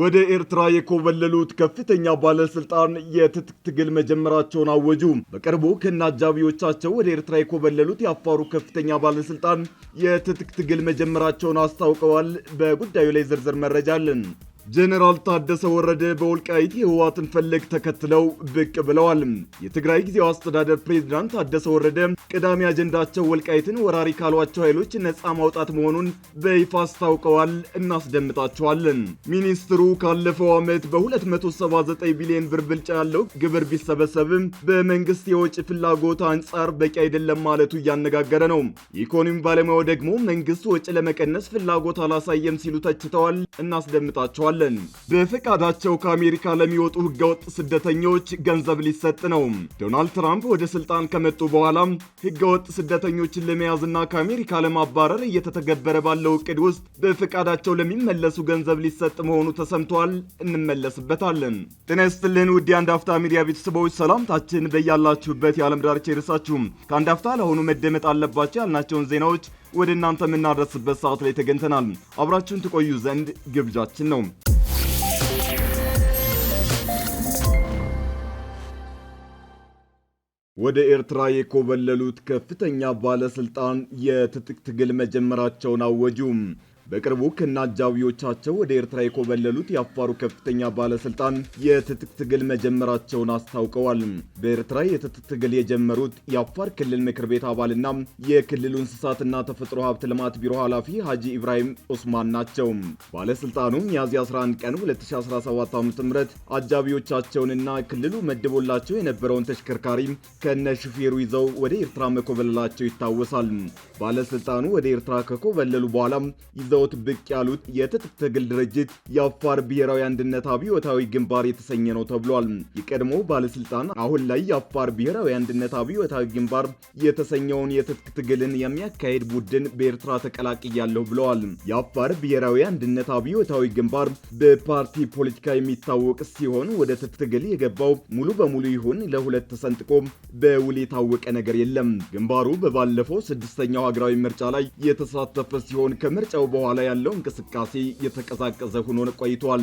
ወደ ኤርትራ የኮበለሉት ከፍተኛ ባለስልጣን የትጥቅ ትግል መጀመራቸውን አወጁ። በቅርቡ ከነ አጃቢዎቻቸው ወደ ኤርትራ የኮበለሉት የአፋሩ ከፍተኛ ባለስልጣን የትጥቅ ትግል መጀመራቸውን አስታውቀዋል። በጉዳዩ ላይ ዝርዝር መረጃ አለን። ጀኔራል ታደሰ ወረደ በወልቃይት የህወሓትን ፈለግ ተከትለው ብቅ ብለዋል። የትግራይ ጊዜያዊ አስተዳደር ፕሬዝዳንት ታደሰ ወረደ ቅዳሜ አጀንዳቸው ወልቃይትን ወራሪ ካሏቸው ኃይሎች ነፃ ማውጣት መሆኑን በይፋ አስታውቀዋል። እናስደምጣቸዋለን። ሚኒስትሩ ካለፈው ዓመት በ279 ቢሊዮን ብር ብልጫ ያለው ግብር ቢሰበሰብም በመንግስት የወጪ ፍላጎት አንጻር በቂ አይደለም ማለቱ እያነጋገረ ነው። የኢኮኖሚ ባለሙያው ደግሞ መንግስት ወጪ ለመቀነስ ፍላጎት አላሳየም ሲሉ ተችተዋል። እናስደምጣቸዋል። እንሰማለን። በፈቃዳቸው ከአሜሪካ ለሚወጡ ህገወጥ ስደተኞች ገንዘብ ሊሰጥ ነው። ዶናልድ ትራምፕ ወደ ስልጣን ከመጡ በኋላም ህገወጥ ስደተኞችን ለመያዝና ከአሜሪካ ለማባረር እየተተገበረ ባለው እቅድ ውስጥ በፈቃዳቸው ለሚመለሱ ገንዘብ ሊሰጥ መሆኑ ተሰምቷል። እንመለስበታለን። ጤና ይስጥልን ውድ የአንድ አፍታ ሚዲያ ቤተሰቦች፣ ሰላምታችን በያላችሁበት የዓለም ዳርቻ ይድረሳችሁ። ከአንድ አፍታ ለሆኑ መደመጥ አለባቸው ያልናቸውን ዜናዎች ወደ እናንተ የምናደርስበት ሰዓት ላይ ተገኝተናል። አብራችሁን ትቆዩ ዘንድ ግብዣችን ነው። ወደ ኤርትራ የኮበለሉት ከፍተኛ ባለስልጣን የትጥቅ ትግል መጀመራቸውን አወጁ። በቅርቡ ከና አጃቢዎቻቸው ወደ ኤርትራ የኮበለሉት የአፋሩ ከፍተኛ ባለስልጣን የትጥቅ ትግል መጀመራቸውን አስታውቀዋል። በኤርትራ የትጥቅ ትግል የጀመሩት የአፋር ክልል ምክር ቤት አባልና የክልሉ እንስሳትና ተፈጥሮ ሀብት ልማት ቢሮ ኃላፊ ሀጂ ኢብራሂም ኦስማን ናቸው። ባለስልጣኑ ሚያዝያ 11 ቀን 2017 ዓ.ም አጃቢዎቻቸውንና ክልሉ መድቦላቸው የነበረውን ተሽከርካሪ ከነ ሹፌሩ ይዘው ወደ ኤርትራ መኮበለላቸው ይታወሳል። ባለስልጣኑ ወደ ኤርትራ ከኮበለሉ በኋላ ይዘው ይዘውት ብቅ ያሉት የትጥቅ ትግል ድርጅት የአፋር ብሔራዊ አንድነት አብዮታዊ ግንባር የተሰኘ ነው ተብሏል። የቀድሞ ባለስልጣን አሁን ላይ የአፋር ብሔራዊ አንድነት አብዮታዊ ግንባር የተሰኘውን የትጥቅ ትግልን የሚያካሄድ ቡድን በኤርትራ ተቀላቅያለሁ ብለዋል። የአፋር ብሔራዊ አንድነት አብዮታዊ ግንባር በፓርቲ ፖለቲካ የሚታወቅ ሲሆን ወደ ትጥቅ ትግል የገባው ሙሉ በሙሉ ይሁን ለሁለት ተሰንጥቆ በውል የታወቀ ነገር የለም። ግንባሩ በባለፈው ስድስተኛው ሀገራዊ ምርጫ ላይ የተሳተፈ ሲሆን ከምርጫው በኋላ በኋላ ያለው እንቅስቃሴ የተቀዛቀዘ ሆኖ ቆይቷል።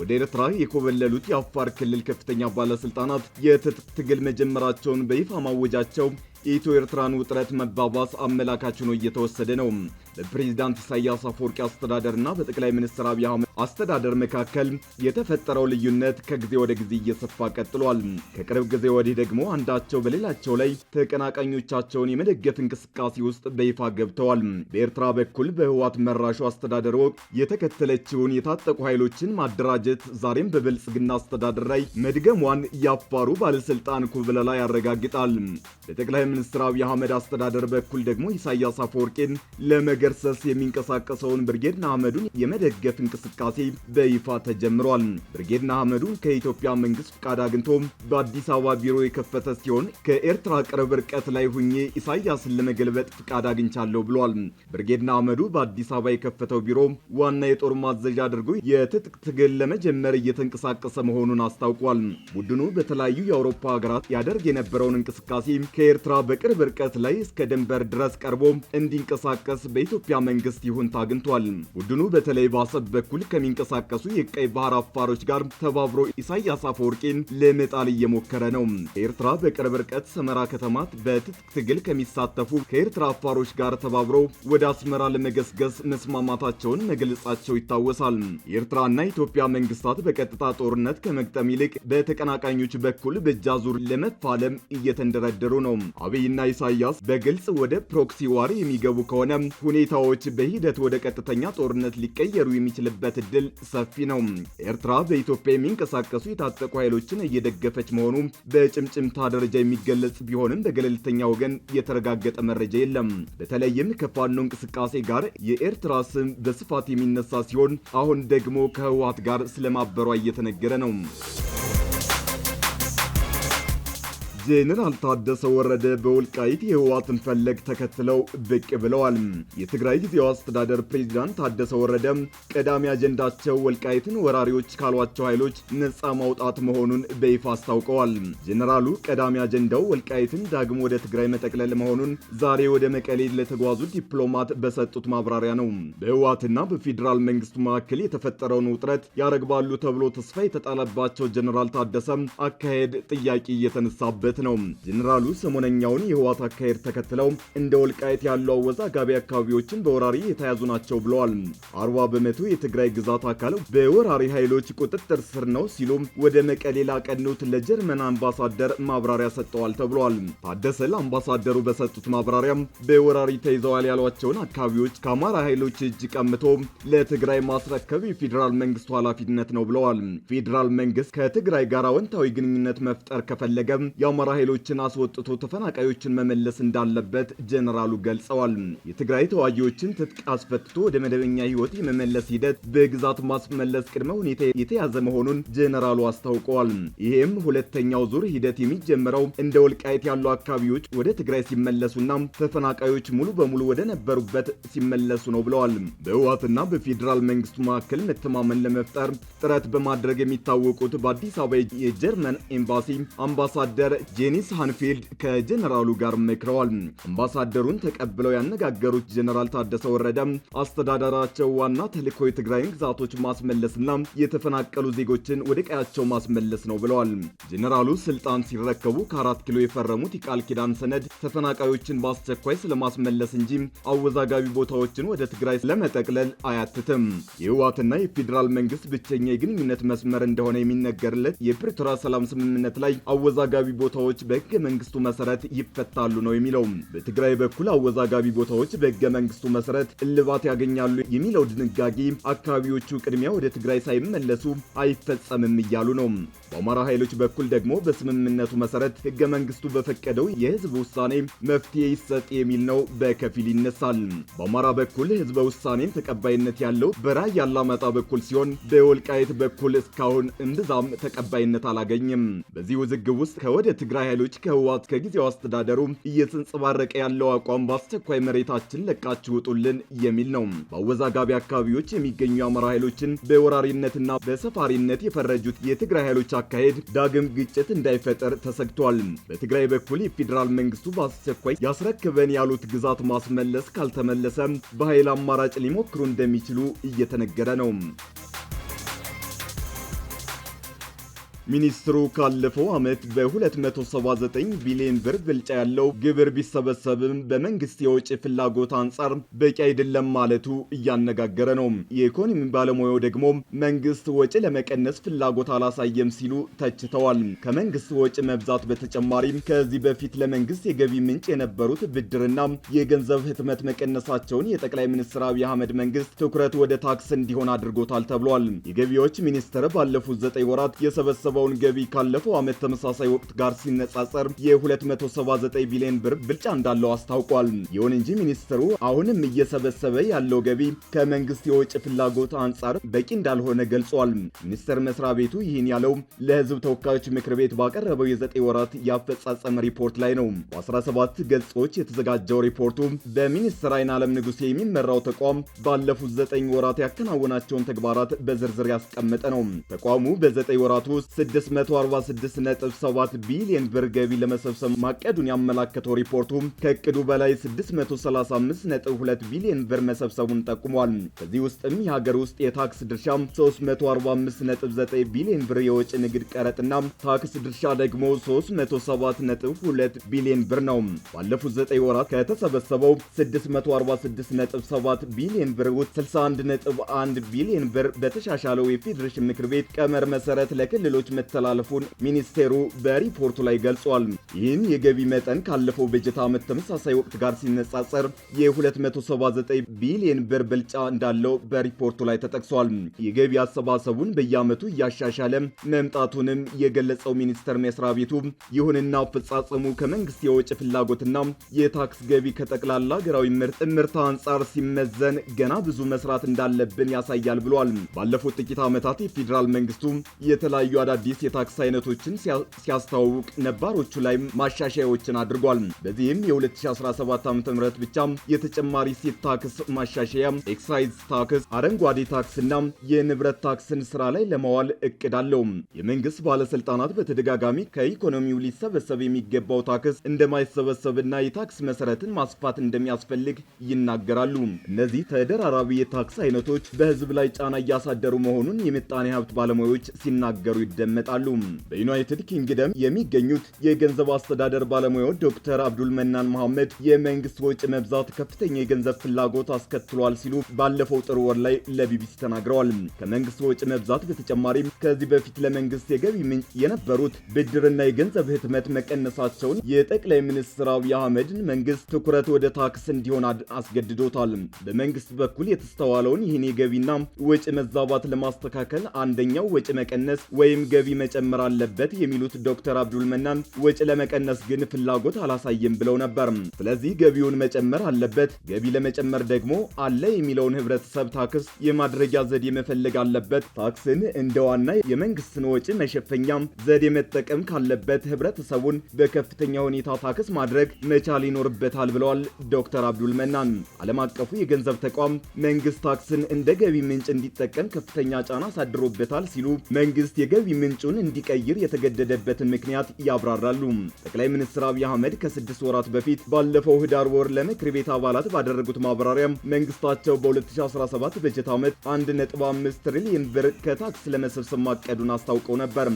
ወደ ኤርትራ የኮበለሉት የአፋር ክልል ከፍተኛ ባለስልጣናት የትጥቅ ትግል መጀመራቸውን በይፋ ማወጃቸው የኢትዮ ኤርትራን ውጥረት መባባስ አመላካች ሆኖ እየተወሰደ ነው። በፕሬዚዳንት ኢሳያስ አፈወርቂ አስተዳደርና በጠቅላይ ሚኒስትር አብይ አህመድ አስተዳደር መካከል የተፈጠረው ልዩነት ከጊዜ ወደ ጊዜ እየሰፋ ቀጥሏል። ከቅርብ ጊዜ ወዲህ ደግሞ አንዳቸው በሌላቸው ላይ ተቀናቃኞቻቸውን የመደገፍ እንቅስቃሴ ውስጥ በይፋ ገብተዋል። በኤርትራ በኩል በህዋት መራሹ አስተዳደር ወቅት የተከተለችውን የታጠቁ ኃይሎችን ማደራጀት ዛሬም በብልጽግና አስተዳደር ላይ መድገሟን ያፋሩ ባለስልጣን ኩብለላ ያረጋግጣል። በጠቅላይ ሚኒስትር አብይ አህመድ አስተዳደር በኩል ደግሞ ኢሳያስ አፈወርቂን ለመገርሰስ የሚንቀሳቀሰውን ብርጌድ ንሓመዱን የመደገፍ እንቅስቃሴ እንቅስቃሴ በይፋ ተጀምሯል። ብርጌድና አህመዱ ከኢትዮጵያ መንግስት ፍቃድ አግኝቶ በአዲስ አበባ ቢሮ የከፈተ ሲሆን ከኤርትራ ቅርብ ርቀት ላይ ሁኜ ኢሳያስን ለመገልበጥ ፍቃድ አግኝቻለሁ ብሏል። ብርጌድና አህመዱ በአዲስ አበባ የከፈተው ቢሮ ዋና የጦር ማዘዣ አድርጎ የትጥቅ ትግል ለመጀመር እየተንቀሳቀሰ መሆኑን አስታውቋል። ቡድኑ በተለያዩ የአውሮፓ ሀገራት ያደርግ የነበረውን እንቅስቃሴ ከኤርትራ በቅርብ ርቀት ላይ እስከ ድንበር ድረስ ቀርቦ እንዲንቀሳቀስ በኢትዮጵያ መንግስት ይሁንታ አግኝቷል። ቡድኑ በተለይ በአሰብ በኩል ከሚንቀሳቀሱ የቀይ ባህር አፋሮች ጋር ተባብሮ ኢሳያስ አፈወርቂን ለመጣል እየሞከረ ነው። ኤርትራ በቅርብ ርቀት ሰመራ ከተማት በትጥቅ ትግል ከሚሳተፉ ከኤርትራ አፋሮች ጋር ተባብሮ ወደ አስመራ ለመገስገስ መስማማታቸውን መግለጻቸው ይታወሳል። የኤርትራና ኢትዮጵያ መንግስታት በቀጥታ ጦርነት ከመግጠም ይልቅ በተቀናቃኞች በኩል በእጃ ዙር ለመፋለም እየተንደረደሩ ነው። አብይና ኢሳያስ በግልጽ ወደ ፕሮክሲ ዋር የሚገቡ ከሆነ ሁኔታዎች በሂደት ወደ ቀጥተኛ ጦርነት ሊቀየሩ የሚችልበት እድል ሰፊ ነው። ኤርትራ በኢትዮጵያ የሚንቀሳቀሱ የታጠቁ ኃይሎችን እየደገፈች መሆኑ በጭምጭምታ ደረጃ የሚገለጽ ቢሆንም በገለልተኛ ወገን የተረጋገጠ መረጃ የለም። በተለይም ከፋኖ እንቅስቃሴ ጋር የኤርትራ ስም በስፋት የሚነሳ ሲሆን አሁን ደግሞ ከህወሓት ጋር ስለማበሯ እየተነገረ ነው። ጄኔራል ታደሰ ወረደ በወልቃይት የህወሓትን ፈለግ ተከትለው ብቅ ብለዋል። የትግራይ ጊዜያዊ አስተዳደር ፕሬዚዳንት ታደሰ ወረደ ቀዳሚ አጀንዳቸው ወልቃይትን ወራሪዎች ካሏቸው ኃይሎች ነጻ ማውጣት መሆኑን በይፋ አስታውቀዋል። ጄኔራሉ ቀዳሚ አጀንዳው ወልቃይትን ዳግሞ ወደ ትግራይ መጠቅለል መሆኑን ዛሬ ወደ መቀሌ ለተጓዙ ዲፕሎማት በሰጡት ማብራሪያ ነው። በህወሓትና በፌዴራል መንግስቱ መካከል የተፈጠረውን ውጥረት ያረግባሉ ተብሎ ተስፋ የተጣለባቸው ጄኔራል ታደሰ አካሄድ ጥያቄ እየተነሳበት ማለት ነው። ጀኔራሉ ሰሞነኛውን የህዋት አካሄድ ተከትለው እንደ ወልቃየት ያሉ አወዛጋቢ አካባቢዎችን በወራሪ የተያዙ ናቸው ብለዋል። አርባ በመቶ የትግራይ ግዛት አካል በወራሪ ኃይሎች ቁጥጥር ስር ነው ሲሉ ወደ መቀሌ ላቀኑት ለጀርመን አምባሳደር ማብራሪያ ሰጥተዋል ተብሏል። ታደሰ ለአምባሳደሩ በሰጡት ማብራሪያም በወራሪ ተይዘዋል ያሏቸውን አካባቢዎች ከአማራ ኃይሎች እጅ ቀምቶ ለትግራይ ማስረከብ የፌዴራል መንግስቱ ኃላፊነት ነው ብለዋል። ፌዴራል መንግስት ከትግራይ ጋር አወንታዊ ግንኙነት መፍጠር ከፈለገ የአማራ ኃይሎችን አስወጥቶ ተፈናቃዮችን መመለስ እንዳለበት ጀነራሉ ገልጸዋል። የትግራይ ተዋጊዎችን ትጥቅ አስፈትቶ ወደ መደበኛ ህይወት የመመለስ ሂደት በግዛት ማስመለስ ቅድመ ሁኔታ የተያዘ መሆኑን ጀነራሉ አስታውቀዋል። ይህም ሁለተኛው ዙር ሂደት የሚጀምረው እንደ ወልቃይት ያሉ አካባቢዎች ወደ ትግራይ ሲመለሱና ተፈናቃዮች ሙሉ በሙሉ ወደ ነበሩበት ሲመለሱ ነው ብለዋል። በህወሓትና በፌዴራል መንግስቱ መካከል መተማመን ለመፍጠር ጥረት በማድረግ የሚታወቁት በአዲስ አበባ የጀርመን ኤምባሲ አምባሳደር ጄኒስ ሃንፊልድ ከጀነራሉ ጋር መክረዋል። አምባሳደሩን ተቀብለው ያነጋገሩት ጀነራል ታደሰ ወረደ አስተዳደራቸው ዋና ተልእኮ የትግራይን ግዛቶች ማስመለስና የተፈናቀሉ ዜጎችን ወደ ቀያቸው ማስመለስ ነው ብለዋል። ጀነራሉ ስልጣን ሲረከቡ ከአራት ኪሎ የፈረሙት የቃል ኪዳን ሰነድ ተፈናቃዮችን በአስቸኳይ ስለማስመለስ እንጂ አወዛጋቢ ቦታዎችን ወደ ትግራይ ለመጠቅለል አያትትም። የህወሓትና የፌዴራል መንግስት ብቸኛ የግንኙነት መስመር እንደሆነ የሚነገርለት የፕሪቶሪያ ሰላም ስምምነት ላይ አወዛጋቢ ቦታዎች ቦታዎች በህገ መንግስቱ መሰረት ይፈታሉ ነው የሚለው። በትግራይ በኩል አወዛጋቢ ቦታዎች በህገ መንግስቱ መሰረት እልባት ያገኛሉ የሚለው ድንጋጌ አካባቢዎቹ ቅድሚያ ወደ ትግራይ ሳይመለሱ አይፈጸምም እያሉ ነው። በአማራ ኃይሎች በኩል ደግሞ በስምምነቱ መሰረት ህገ መንግስቱ በፈቀደው የህዝብ ውሳኔ መፍትሄ ይሰጥ የሚል ነው፣ በከፊል ይነሳል። በአማራ በኩል ህዝበ ውሳኔም ተቀባይነት ያለው በራያ አላማጣ በኩል ሲሆን በወልቃየት በኩል እስካሁን እምብዛም ተቀባይነት አላገኝም። በዚህ ውዝግብ ውስጥ ከወደ የትግራይ ኃይሎች ከህወሓት ከጊዜው አስተዳደሩ እየተንጸባረቀ ያለው አቋም በአስቸኳይ መሬታችን ለቃችሁ ውጡልን የሚል ነው። በአወዛጋቢ አካባቢዎች የሚገኙ የአማራ ኃይሎችን በወራሪነትና በሰፋሪነት የፈረጁት የትግራይ ኃይሎች አካሄድ ዳግም ግጭት እንዳይፈጠር ተሰግቷል። በትግራይ በኩል የፌዴራል መንግስቱ በአስቸኳይ ያስረክበን ያሉት ግዛት ማስመለስ ካልተመለሰ በኃይል አማራጭ ሊሞክሩ እንደሚችሉ እየተነገረ ነው። ሚኒስትሩ ካለፈው ዓመት በ279 ቢሊዮን ብር ብልጫ ያለው ግብር ቢሰበሰብም በመንግስት የውጭ ፍላጎት አንጻር በቂ አይደለም ማለቱ እያነጋገረ ነው። የኢኮኖሚ ባለሙያው ደግሞ መንግስት ወጪ ለመቀነስ ፍላጎት አላሳየም ሲሉ ተችተዋል። ከመንግስት ወጪ መብዛት በተጨማሪም ከዚህ በፊት ለመንግስት የገቢ ምንጭ የነበሩት ብድርና የገንዘብ ህትመት መቀነሳቸውን የጠቅላይ ሚኒስትር አብይ አህመድ መንግስት ትኩረት ወደ ታክስ እንዲሆን አድርጎታል ተብሏል። የገቢዎች ሚኒስቴር ባለፉት ዘጠኝ ወራት የሰበሰ የሚሰበስበውን ገቢ ካለፈው ዓመት ተመሳሳይ ወቅት ጋር ሲነጻጸር የ279 ቢሊዮን ብር ብልጫ እንዳለው አስታውቋል። ይሁን እንጂ ሚኒስትሩ አሁንም እየሰበሰበ ያለው ገቢ ከመንግስት የውጭ ፍላጎት አንጻር በቂ እንዳልሆነ ገልጿል። ሚኒስቴር መስሪያ ቤቱ ይህን ያለው ለህዝብ ተወካዮች ምክር ቤት ባቀረበው የዘጠኝ ወራት የአፈጻጸም ሪፖርት ላይ ነው። በ17 ገጾች የተዘጋጀው ሪፖርቱ በሚኒስትር አይን ዓለም ንጉሴ የሚመራው ተቋም ባለፉት ዘጠኝ ወራት ያከናወናቸውን ተግባራት በዝርዝር ያስቀመጠ ነው። ተቋሙ በዘጠኝ ወራት ውስጥ 646.7 ቢሊዮን ብር ገቢ ለመሰብሰብ ማቀዱን ያመላከተው ሪፖርቱ ከእቅዱ በላይ 635.2 ቢሊዮን ብር መሰብሰቡን ጠቁሟል። ከዚህ ውስጥም የሀገር ውስጥ የታክስ ድርሻ 345.9 ቢሊዮን ብር፣ የወጭ ንግድ ቀረጥና ታክስ ድርሻ ደግሞ 307.2 ቢሊዮን ብር ነው። ባለፉት 9 ወራት ከተሰበሰበው 646.7 ቢሊዮን ብር ውስጥ 61.1 ቢሊዮን ብር በተሻሻለው የፌዴሬሽን ምክር ቤት ቀመር መሰረት ለክልሎች መተላለፉን ሚኒስቴሩ በሪፖርቱ ላይ ገልጿል። ይህም የገቢ መጠን ካለፈው በጀት ዓመት ተመሳሳይ ወቅት ጋር ሲነጻጸር የ279 ቢሊዮን ብር ብልጫ እንዳለው በሪፖርቱ ላይ ተጠቅሷል። የገቢ አሰባሰቡን በየዓመቱ እያሻሻለ መምጣቱንም የገለጸው ሚኒስቴር መስሪያ ቤቱ ይሁንና አፈጻጸሙ ከመንግስት የወጪ ፍላጎትና የታክስ ገቢ ከጠቅላላ ሀገራዊ ምርት ምርት አንጻር ሲመዘን ገና ብዙ መስራት እንዳለብን ያሳያል ብሏል። ባለፉት ጥቂት ዓመታት የፌዴራል መንግስቱ የተለያዩ አዳዲስ አዳዲስ የታክስ አይነቶችን ሲያስተዋውቅ ነባሮቹ ላይ ማሻሻያዎችን አድርጓል። በዚህም የ2017 ዓ.ም ብቻ የተጨማሪ ሴት ታክስ ማሻሻያ፣ ኤክሳይዝ ታክስ፣ አረንጓዴ ታክስና የንብረት ታክስን ስራ ላይ ለማዋል እቅድ አለው። የመንግስት ባለስልጣናት በተደጋጋሚ ከኢኮኖሚው ሊሰበሰብ የሚገባው ታክስ እንደማይሰበሰብና የታክስ መሰረትን ማስፋት እንደሚያስፈልግ ይናገራሉ። እነዚህ ተደራራቢ የታክስ አይነቶች በህዝብ ላይ ጫና እያሳደሩ መሆኑን የምጣኔ ሀብት ባለሙያዎች ሲናገሩ ይደመ ይደመጣሉ። በዩናይትድ ኪንግደም የሚገኙት የገንዘብ አስተዳደር ባለሙያው ዶክተር አብዱል መናን መሐመድ የመንግስት ወጪ መብዛት ከፍተኛ የገንዘብ ፍላጎት አስከትሏል ሲሉ ባለፈው ጥር ወር ላይ ለቢቢሲ ተናግረዋል። ከመንግስት ወጪ መብዛት በተጨማሪም ከዚህ በፊት ለመንግስት የገቢ ምንጭ የነበሩት ብድርና የገንዘብ ህትመት መቀነሳቸውን የጠቅላይ ሚኒስትር አብይ አህመድን መንግስት ትኩረት ወደ ታክስ እንዲሆን አስገድዶታል። በመንግስት በኩል የተስተዋለውን ይህን የገቢና ወጪ መዛባት ለማስተካከል አንደኛው ወጪ መቀነስ ወይም ገቢ ገቢ መጨመር አለበት የሚሉት ዶክተር አብዱል መናን ወጪ ለመቀነስ ግን ፍላጎት አላሳየም ብለው ነበር። ስለዚህ ገቢውን መጨመር አለበት። ገቢ ለመጨመር ደግሞ አለ የሚለውን ህብረተሰብ ታክስ የማድረጊያ ዘዴ መፈለግ አለበት። ታክስን እንደ ዋና የመንግስትን ወጪ መሸፈኛ ዘዴ መጠቀም ካለበት ህብረተሰቡን በከፍተኛ ሁኔታ ታክስ ማድረግ መቻል ይኖርበታል ብለዋል ዶክተር አብዱል መናን። ዓለም አቀፉ የገንዘብ ተቋም መንግስት ታክስን እንደ ገቢ ምንጭ እንዲጠቀም ከፍተኛ ጫና አሳድሮበታል ሲሉ መንግስት የገቢ ምንጩን እንዲቀይር የተገደደበትን ምክንያት ያብራራሉ። ጠቅላይ ሚኒስትር አብይ አህመድ ከስድስት ወራት በፊት ባለፈው ህዳር ወር ለምክር ቤት አባላት ባደረጉት ማብራሪያም መንግስታቸው በ2017 በጀት ዓመት 1.5 ትሪሊዮን ብር ከታክስ ለመሰብሰብ ማቀዱን አስታውቀው ነበር።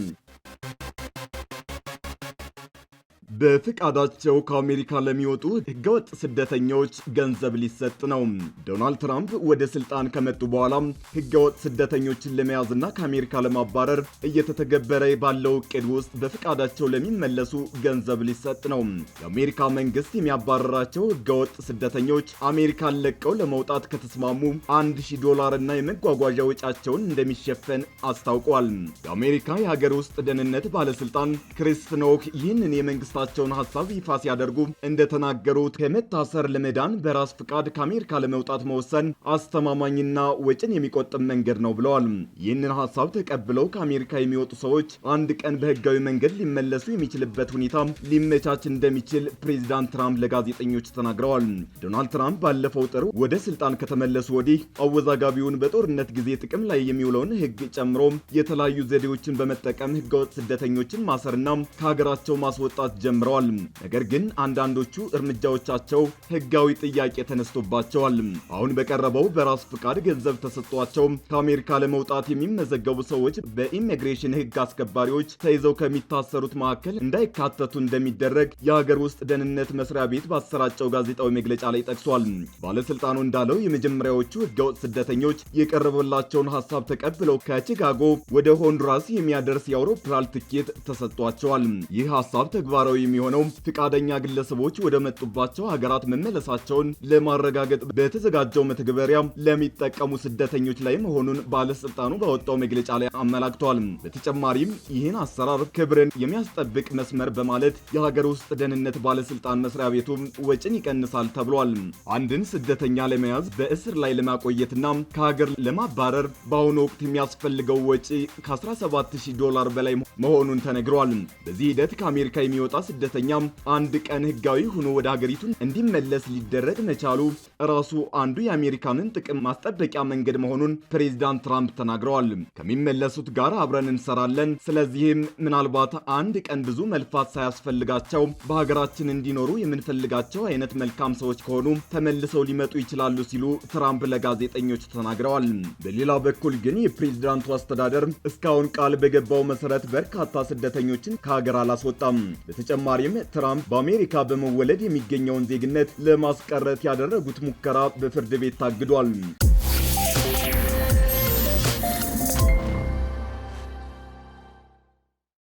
በፍቃዳቸው ከአሜሪካ ለሚወጡ ህገወጥ ስደተኞች ገንዘብ ሊሰጥ ነው። ዶናልድ ትራምፕ ወደ ስልጣን ከመጡ በኋላ ህገወጥ ስደተኞችን ለመያዝና ከአሜሪካ ለማባረር እየተተገበረ ባለው እቅድ ውስጥ በፍቃዳቸው ለሚመለሱ ገንዘብ ሊሰጥ ነው። የአሜሪካ መንግስት የሚያባረራቸው ህገወጥ ስደተኞች አሜሪካን ለቀው ለመውጣት ከተስማሙ 1 ሺ ዶላር እና የመጓጓዣ ወጫቸውን እንደሚሸፈን አስታውቋል። የአሜሪካ የሀገር ውስጥ ደህንነት ባለስልጣን ክሪስ ኖክ ይህንን የመንግስታ ያላቸውን ሀሳብ ይፋ ሲያደርጉ እንደተናገሩት ከመታሰር ለመዳን በራስ ፍቃድ ከአሜሪካ ለመውጣት መወሰን አስተማማኝና ወጪን የሚቆጥብ መንገድ ነው ብለዋል። ይህንን ሀሳብ ተቀብለው ከአሜሪካ የሚወጡ ሰዎች አንድ ቀን በህጋዊ መንገድ ሊመለሱ የሚችልበት ሁኔታ ሊመቻች እንደሚችል ፕሬዚዳንት ትራምፕ ለጋዜጠኞች ተናግረዋል። ዶናልድ ትራምፕ ባለፈው ጥር ወደ ስልጣን ከተመለሱ ወዲህ አወዛጋቢውን በጦርነት ጊዜ ጥቅም ላይ የሚውለውን ህግ ጨምሮ የተለያዩ ዘዴዎችን በመጠቀም ህገወጥ ስደተኞችን ማሰርና ከሀገራቸው ማስወጣት ጀምረዋል። ነገር ግን አንዳንዶቹ እርምጃዎቻቸው ህጋዊ ጥያቄ ተነስቶባቸዋል። አሁን በቀረበው በራስ ፍቃድ ገንዘብ ተሰጥቷቸው ከአሜሪካ ለመውጣት የሚመዘገቡ ሰዎች በኢሚግሬሽን ህግ አስከባሪዎች ተይዘው ከሚታሰሩት መካከል እንዳይካተቱ እንደሚደረግ የሀገር ውስጥ ደህንነት መስሪያ ቤት ባሰራጨው ጋዜጣዊ መግለጫ ላይ ጠቅሷል። ባለስልጣኑ እንዳለው የመጀመሪያዎቹ ህገወጥ ስደተኞች የቀረበላቸውን ሀሳብ ተቀብለው ከቺካጎ ወደ ሆንዱራስ የሚያደርስ የአውሮፕላን ትኬት ተሰጥቷቸዋል። ይህ ሀሳብ ተግባራዊ የሚሆነው ፍቃደኛ ግለሰቦች ወደ መጡባቸው ሀገራት መመለሳቸውን ለማረጋገጥ በተዘጋጀው መተግበሪያ ለሚጠቀሙ ስደተኞች ላይ መሆኑን ባለስልጣኑ በወጣው መግለጫ ላይ አመላክቷል። በተጨማሪም ይህን አሰራር ክብርን የሚያስጠብቅ መስመር በማለት የሀገር ውስጥ ደህንነት ባለስልጣን መስሪያ ቤቱ ወጪን ይቀንሳል ተብሏል። አንድን ስደተኛ ለመያዝ በእስር ላይ ለማቆየትና ከሀገር ለማባረር በአሁኑ ወቅት የሚያስፈልገው ወጪ ከ17000 ዶላር በላይ መሆኑን ተነግሯል። በዚህ ሂደት ከአሜሪካ የሚወጣ ስደተኛም አንድ ቀን ህጋዊ ሆኖ ወደ ሀገሪቱን እንዲመለስ ሊደረግ መቻሉ ራሱ አንዱ የአሜሪካንን ጥቅም ማስጠበቂያ መንገድ መሆኑን ፕሬዚዳንት ትራምፕ ተናግረዋል። ከሚመለሱት ጋር አብረን እንሰራለን። ስለዚህም ምናልባት አንድ ቀን ብዙ መልፋት ሳያስፈልጋቸው በሀገራችን እንዲኖሩ የምንፈልጋቸው አይነት መልካም ሰዎች ከሆኑ ተመልሰው ሊመጡ ይችላሉ ሲሉ ትራምፕ ለጋዜጠኞች ተናግረዋል። በሌላ በኩል ግን የፕሬዚዳንቱ አስተዳደር እስካሁን ቃል በገባው መሰረት በርካታ ስደተኞችን ከሀገር አላስወጣም። በተጨማሪም ትራምፕ በአሜሪካ በመወለድ የሚገኘውን ዜግነት ለማስቀረት ያደረጉት ሙከራ በፍርድ ቤት ታግዷል።